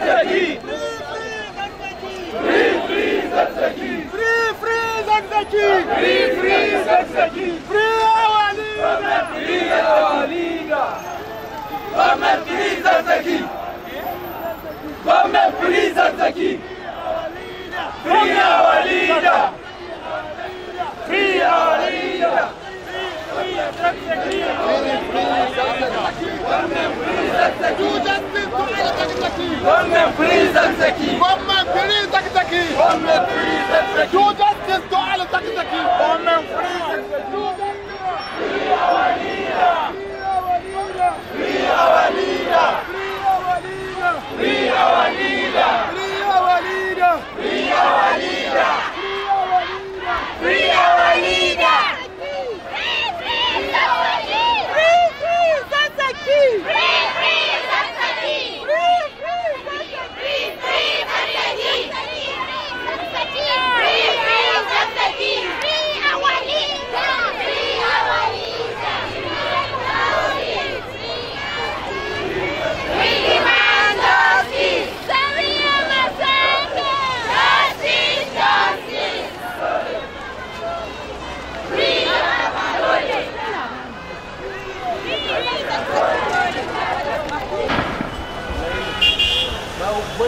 Zagzaki! Free, free, Zagzaki! Free, free, Zagzaki! Free, free, Zagzaki! Free, Awaliga! free, Awaliga! Vamos, free, Zagzaki! Vamos, free, Zagzaki! Free, Free, Awaliga! Free, Zeki. Government, please, Zeki. Government, please, Zeki. This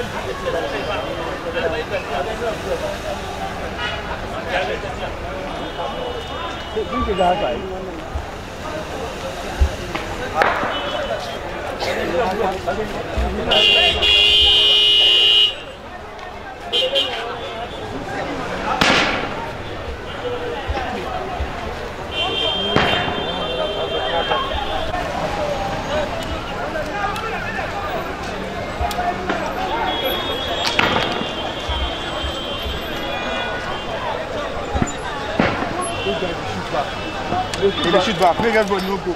is our guy. Thank you. Il ne chute pas. Il ne chute pas. Prégaise-moi de nouveau.